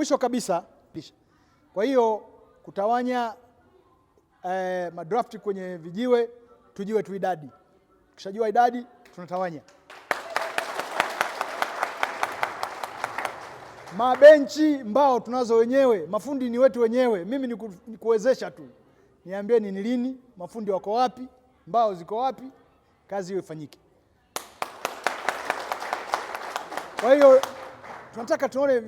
Mwisho kabisa Kwa hiyo kutawanya eh, madrafti kwenye vijiwe, tujue tu idadi. Tukishajua idadi tunatawanya mabenchi mbao tunazo wenyewe, mafundi ni wetu wenyewe. Mimi ni kuwezesha tu, niambieni ni lini, mafundi wako wapi, mbao ziko wapi, kazi hiyo ifanyike. Kwa hiyo tunataka tuone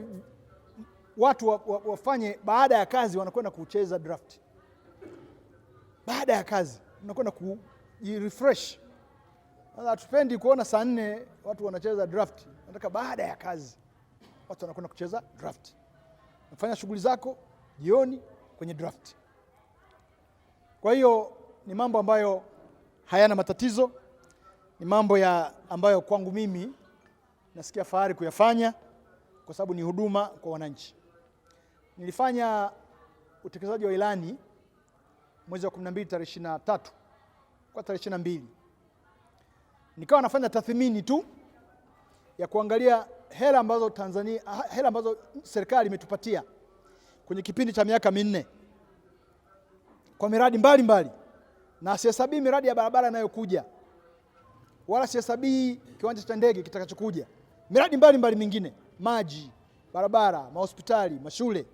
watu wafanye baada ya kazi, wanakwenda kucheza draft. Baada ya kazi unakwenda kujirefresh. hatupendi kuona saa nne watu wanacheza draft, nataka baada ya kazi watu wanakwenda kucheza draft. nafanya shughuli zako jioni kwenye draft. Kwa hiyo ni mambo ambayo hayana matatizo, ni mambo ya ambayo kwangu mimi nasikia fahari kuyafanya kwa sababu ni huduma kwa wananchi. Nilifanya utekelezaji wa ilani mwezi wa 12 tarehe 23 kwa tarehe 22, nikawa nafanya tathmini tu ya kuangalia hela ambazo Tanzania, hela ambazo serikali imetupatia kwenye kipindi cha miaka minne kwa miradi mbalimbali mbali. Na sihesabii miradi ya barabara inayokuja wala sihesabii kiwanja cha ndege kitakachokuja, miradi mbalimbali mbali mingine, maji, barabara, mahospitali, mashule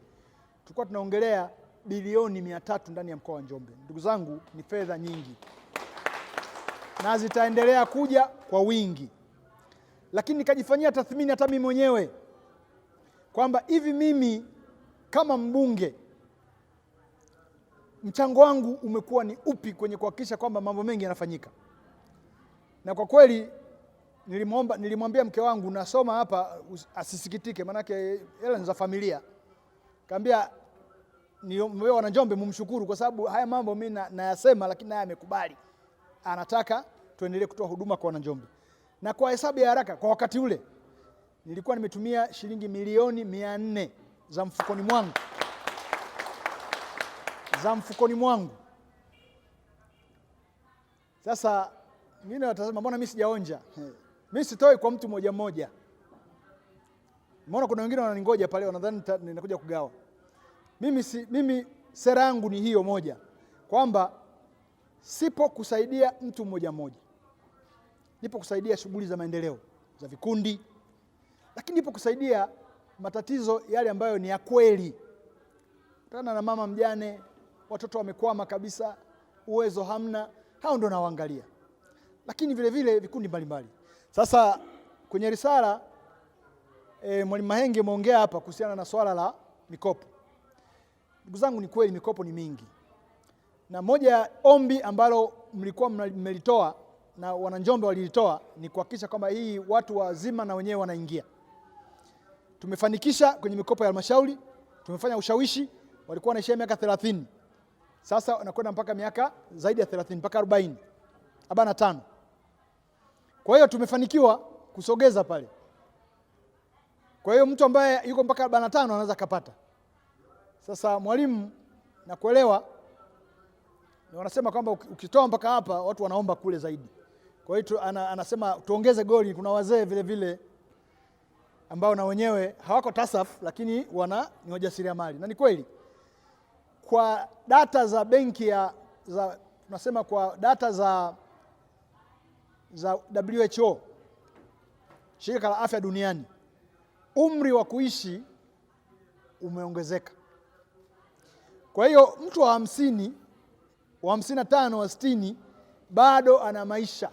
tulikuwa tunaongelea bilioni mia tatu ndani ya mkoa wa Njombe. Ndugu zangu, ni fedha nyingi na zitaendelea kuja kwa wingi, lakini nikajifanyia tathmini hata mimi mwenyewe kwamba hivi mimi kama mbunge mchango wangu umekuwa ni upi kwenye kuhakikisha kwamba mambo mengi yanafanyika. Na kwa kweli nilimwomba, nilimwambia mke wangu, nasoma hapa, asisikitike, maanake hela za familia. Kaambia wana Wananjombe mumshukuru kwa sababu haya mambo mimi nayasema, lakini naye amekubali, anataka tuendelee kutoa huduma kwa Wananjombe. Na kwa hesabu ya haraka kwa wakati ule nilikuwa nimetumia shilingi milioni mia nne za mfukoni mwangu za mfukoni mwangu. Sasa mimi natazama, mbona mimi sijaonja? Mimi sitoi kwa mtu moja moja, mbona kuna wengine wananingoja pale, wanadhani ninakuja kugawa mimi, si, mimi sera yangu ni hiyo moja kwamba sipo kusaidia mtu mmoja mmoja, nipo kusaidia shughuli za maendeleo za vikundi, lakini nipo kusaidia matatizo yale ambayo ni ya kweli. Tana na mama mjane, watoto wamekwama kabisa, uwezo hamna, hao ndo nawaangalia, lakini vilevile vile vikundi mbalimbali. Sasa kwenye risala e, Mwalimu Mahenge ameongea hapa kuhusiana na swala la mikopo Ndugu zangu, ni kweli mikopo ni mingi, na moja ya ombi ambalo mlikuwa mmelitoa na wananjombe walilitoa ni kuhakikisha kwamba hii watu wazima na wenyewe wanaingia. Tumefanikisha kwenye mikopo ya halmashauri, tumefanya ushawishi. Walikuwa wanaishia miaka 30, sasa wanakwenda mpaka miaka zaidi ya 30 mpaka 40, tano Kwa hiyo tumefanikiwa kusogeza pale. Kwa hiyo mtu ambaye yuko mpaka 45 anaweza akapata sasa mwalimu, nakuelewa, kuelewa wanasema kwamba ukitoa mpaka hapa watu wanaomba kule zaidi. Kwa hiyo ana, anasema tuongeze goli. Kuna wazee vile vile ambao na wenyewe hawako tasafu, lakini wana ni wajasiriamali, na ni kweli kwa data za benki ya za tunasema kwa data za, za WHO shirika la afya duniani, umri wa kuishi umeongezeka kwa hiyo mtu wa hamsini wa hamsini na tano wa sitini bado ana maisha.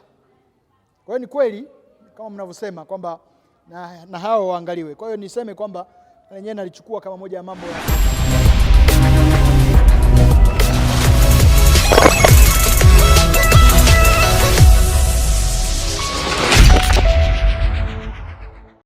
Kwa hiyo ni kweli kama mnavyosema kwamba na, na hao waangaliwe. Kwa hiyo niseme kwamba lenyewe nalichukua kama moja ya mambo ya